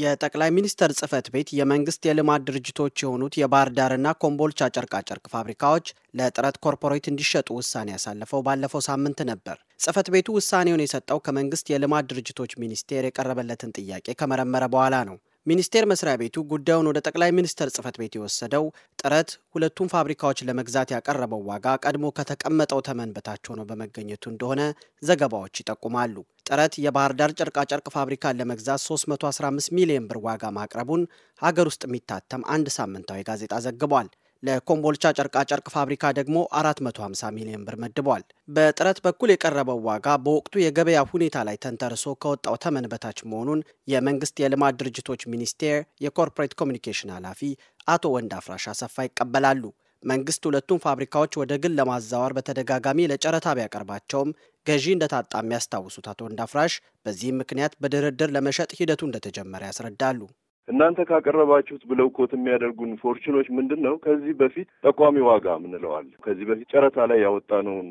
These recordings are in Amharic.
የጠቅላይ ሚኒስተር ጽህፈት ቤት የመንግስት የልማት ድርጅቶች የሆኑት የባህር ዳርና ኮምቦልቻ ጨርቃጨርቅ ፋብሪካዎች ለጥረት ኮርፖሬት እንዲሸጡ ውሳኔ ያሳለፈው ባለፈው ሳምንት ነበር። ጽህፈት ቤቱ ውሳኔውን የሰጠው ከመንግስት የልማት ድርጅቶች ሚኒስቴር የቀረበለትን ጥያቄ ከመረመረ በኋላ ነው። ሚኒስቴር መስሪያ ቤቱ ጉዳዩን ወደ ጠቅላይ ሚኒስተር ጽህፈት ቤት የወሰደው ጥረት ሁለቱም ፋብሪካዎች ለመግዛት ያቀረበው ዋጋ ቀድሞ ከተቀመጠው ተመን በታች ሆኖ በመገኘቱ እንደሆነ ዘገባዎች ይጠቁማሉ። ጥረት የባህር ዳር ጨርቃጨርቅ ፋብሪካን ለመግዛት 315 ሚሊዮን ብር ዋጋ ማቅረቡን ሀገር ውስጥ የሚታተም አንድ ሳምንታዊ ጋዜጣ ዘግቧል። ለኮምቦልቻ ጨርቃጨርቅ ፋብሪካ ደግሞ 450 ሚሊዮን ብር መድቧል። በጥረት በኩል የቀረበው ዋጋ በወቅቱ የገበያ ሁኔታ ላይ ተንተርሶ ከወጣው ተመን በታች መሆኑን የመንግስት የልማት ድርጅቶች ሚኒስቴር የኮርፖሬት ኮሚኒኬሽን ኃላፊ አቶ ወንድ አፍራሽ አሰፋ ይቀበላሉ። መንግስት ሁለቱም ፋብሪካዎች ወደ ግል ለማዛወር በተደጋጋሚ ለጨረታ ቢያቀርባቸውም ገዢ እንደታጣ የሚያስታውሱት አቶ ወንድ አፍራሽ በዚህም ምክንያት በድርድር ለመሸጥ ሂደቱ እንደተጀመረ ያስረዳሉ። እናንተ ካቀረባችሁት ብለው ኮት የሚያደርጉን ፎርችኖች ምንድን ነው? ከዚህ በፊት ጠቋሚ ዋጋ ምንለዋለን። ከዚህ በፊት ጨረታ ላይ ያወጣነውን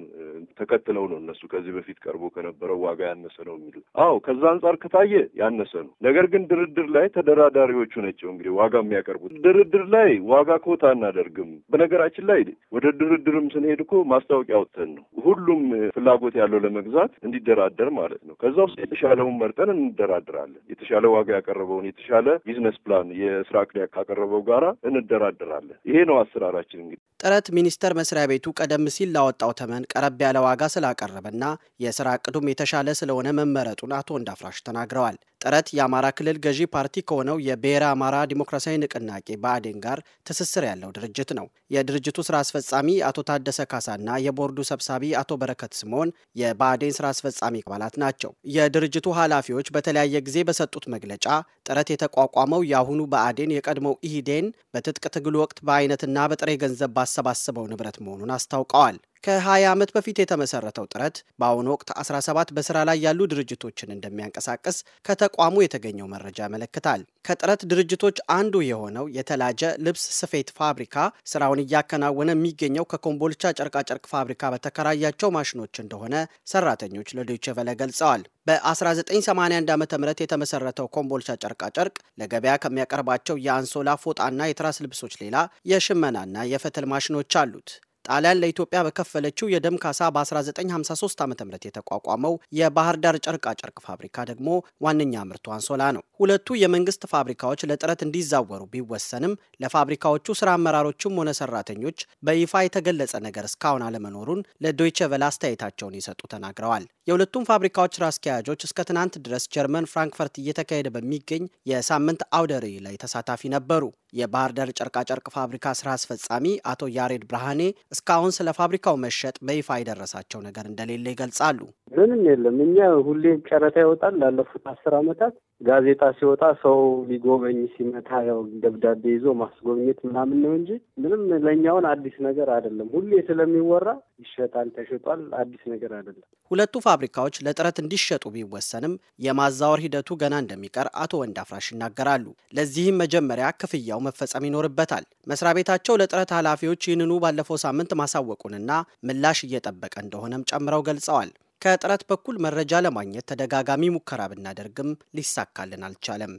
ተከትለው ነው እነሱ ከዚህ በፊት ቀርቦ ከነበረው ዋጋ ያነሰ ነው የሚሉት። አዎ ከዛ አንጻር ከታየ ያነሰ ነው። ነገር ግን ድርድር ላይ ተደራዳሪዎቹ ናቸው እንግዲህ ዋጋ የሚያቀርቡት። ድርድር ላይ ዋጋ ኮታ አናደርግም። በነገራችን ላይ ወደ ድርድርም ስንሄድ እኮ ማስታወቂያ አውጥተን ነው ሁሉም ፍላጎት ያለው ለመግዛት እንዲደራደር ማለት ነው። ከዛ ውስጥ የተሻለውን መርጠን እንደራድራለን። የተሻለ ዋጋ ያቀረበውን የተሻለ ቢዝነ ቢዝነስ ፕላን የስራ ቅድ ካቀረበው ጋራ እንደራደራለን። ይሄ ነው አሰራራችን። እንግዲህ ጥረት ሚኒስቴር መስሪያ ቤቱ ቀደም ሲል ላወጣው ተመን ቀረብ ያለ ዋጋ ስላቀረበና የስራ እቅዱም የተሻለ ስለሆነ መመረጡን አቶ እንዳፍራሽ ተናግረዋል። ጥረት የአማራ ክልል ገዢ ፓርቲ ከሆነው የብሔረ አማራ ዲሞክራሲያዊ ንቅናቄ ብአዴን ጋር ትስስር ያለው ድርጅት ነው። የድርጅቱ ስራ አስፈጻሚ አቶ ታደሰ ካሳና የቦርዱ ሰብሳቢ አቶ በረከት ስምኦን የብአዴን ስራ አስፈጻሚ አባላት ናቸው። የድርጅቱ ኃላፊዎች በተለያየ ጊዜ በሰጡት መግለጫ ጥረት የተቋቋመው የአሁኑ ብአዴን የቀድሞው ኢህዴን በትጥቅ ትግል ወቅት በአይነትና በጥሬ ገንዘብ ባሰባሰበው ንብረት መሆኑን አስታውቀዋል። ከ20 ዓመት በፊት የተመሰረተው ጥረት በአሁኑ ወቅት 17 በስራ ላይ ያሉ ድርጅቶችን እንደሚያንቀሳቅስ ከተቋሙ የተገኘው መረጃ ያመለክታል። ከጥረት ድርጅቶች አንዱ የሆነው የተላጀ ልብስ ስፌት ፋብሪካ ስራውን እያከናወነ የሚገኘው ከኮምቦልቻ ጨርቃጨርቅ ፋብሪካ በተከራያቸው ማሽኖች እንደሆነ ሰራተኞች ለዶይቼ ቬለ ገልጸዋል። በ1981 ዓ ም የተመሰረተው ኮምቦልቻ ጨርቃጨርቅ ለገበያ ከሚያቀርባቸው የአንሶላ ፎጣና የትራስ ልብሶች ሌላ የሽመናና የፈትል ማሽኖች አሉት። ጣሊያን ለኢትዮጵያ በከፈለችው የደም ካሳ በ1953 ዓ ም የተቋቋመው የባህር ዳር ጨርቃ ጨርቅ ፋብሪካ ደግሞ ዋነኛ ምርቱ አንሶላ ነው። ሁለቱ የመንግስት ፋብሪካዎች ለጥረት እንዲዛወሩ ቢወሰንም ለፋብሪካዎቹ ስራ አመራሮችም ሆነ ሰራተኞች በይፋ የተገለጸ ነገር እስካሁን አለመኖሩን ለዶይቸ ቨለ አስተያየታቸውን ይሰጡ ተናግረዋል። የሁለቱም ፋብሪካዎች ስራ አስኪያጆች እስከ ትናንት ድረስ ጀርመን ፍራንክፈርት እየተካሄደ በሚገኝ የሳምንት አውደ ርዕይ ላይ ተሳታፊ ነበሩ። የባህር ዳር ጨርቃጨርቅ ፋብሪካ ስራ አስፈጻሚ አቶ ያሬድ ብርሃኔ እስካሁን ስለ ፋብሪካው መሸጥ በይፋ የደረሳቸው ነገር እንደሌለ ይገልጻሉ። ምንም የለም። እኛ ሁሌም ጨረታ ይወጣል። ላለፉት አስር ዓመታት ጋዜጣ ሲወጣ ሰው ሊጎበኝ ሲመታ ያው ደብዳቤ ይዞ ማስጎብኘት ምናምን ነው እንጂ ምንም ለእኛውን አዲስ ነገር አይደለም። ሁሌ ስለሚወራ ይሸጣል፣ ተሸጧል፣ አዲስ ነገር አይደለም። ሁለቱ ፋብሪካዎች ለጥረት እንዲሸጡ ቢወሰንም የማዛወር ሂደቱ ገና እንደሚቀር አቶ ወንድ አፍራሽ ይናገራሉ። ለዚህም መጀመሪያ ክፍያው መፈጸም ይኖርበታል። መስሪያ ቤታቸው ለጥረት ኃላፊዎች ይህንኑ ባለፈው ሳምንት ማሳወቁንና ምላሽ እየጠበቀ እንደሆነም ጨምረው ገልጸዋል። ከጥረት በኩል መረጃ ለማግኘት ተደጋጋሚ ሙከራ ብናደርግም ሊሳካልን አልቻለም።